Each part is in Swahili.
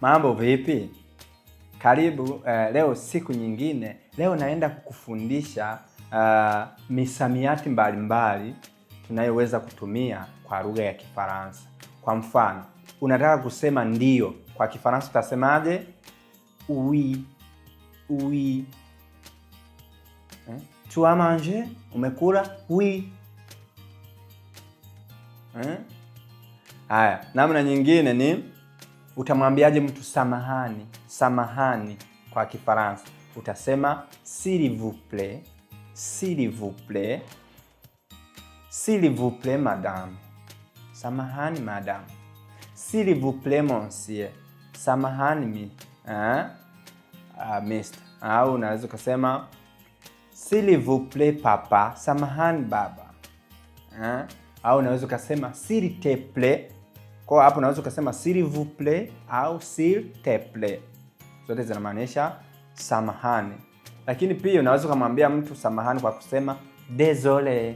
Mambo vipi? Karibu eh, leo siku nyingine. Leo naenda kukufundisha uh, misamiati mbalimbali tunayoweza kutumia kwa lugha ya Kifaransa. Kwa mfano, unataka kusema ndio kwa Kifaransa utasemaje? Oui. Oui. Eh? Tu as mangé? Umekula? Oui. Eh? Haya, namna nyingine ni Utamwambiaje mtu samahani? Samahani kwa Kifaransa utasema s'il vous plaît, s'il vous s'il vous madame, samahani madame, s'il vous monsieur, samahani mi eh? Uh, mister au unaweza ukasema s'il vous papa, samahani baba au unaweza ukasema s'il te kwa hapo unaweza ukasema s'il vous plait au s'il te plait, zote zinamaanisha samahani. Lakini pia unaweza ukamwambia mtu samahani kwa kusema désolé,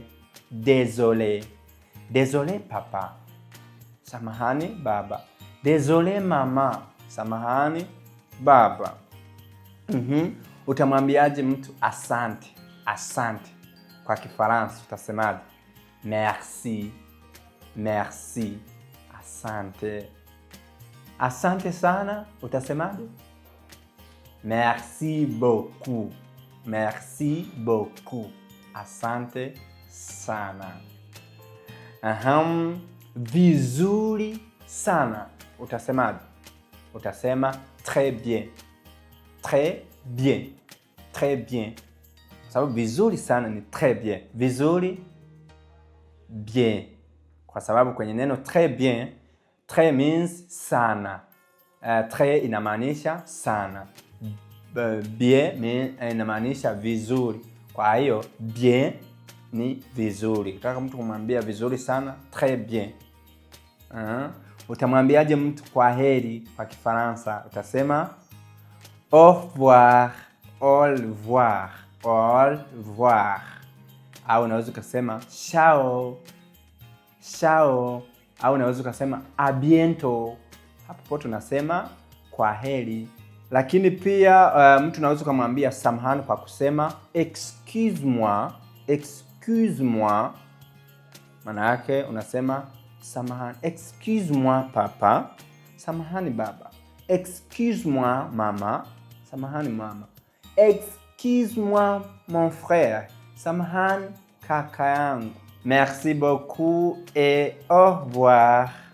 désolé, désolé papa, samahani baba, désolé mama, samahani baba. Mm-hmm. Utamwambiaje mtu asante? Asante kwa Kifaransa utasemaje? Merci, merci. Asante. Asante sana utasemaje? Merci beaucoup. Merci beaucoup. Asante sana. Aham, vizuri sana utasemaje? Utasema très bien. Très bien. Très bien. Sababu vizuri sana ni très bien. Vizuri bien kwa sababu kwenye neno tres bien, tres means sana. Uh, eh, tres inamaanisha sana, bien eh, inamaanisha vizuri. Kwa hiyo bien ni vizuri. Ukitaka mtu kumwambia vizuri sana, tres bien. Uh, utamwambiaje mtu kwa heri kwa Kifaransa? Utasema au revoir, au revoir, au revoir, au unaweza ukasema chao shao au unaweza ukasema abiento. Hapo tunasema kwa heri, lakini pia uh, mtu unaweza ukamwambia samhan kwa kusema excuse moi, excuse moi. Maana yake unasema samahani, excuse moi papa, samahani baba, excuse moi mama, samahani mama, excuse moi mon frere, samahani kaka yangu Merci beaucoup et au revoir.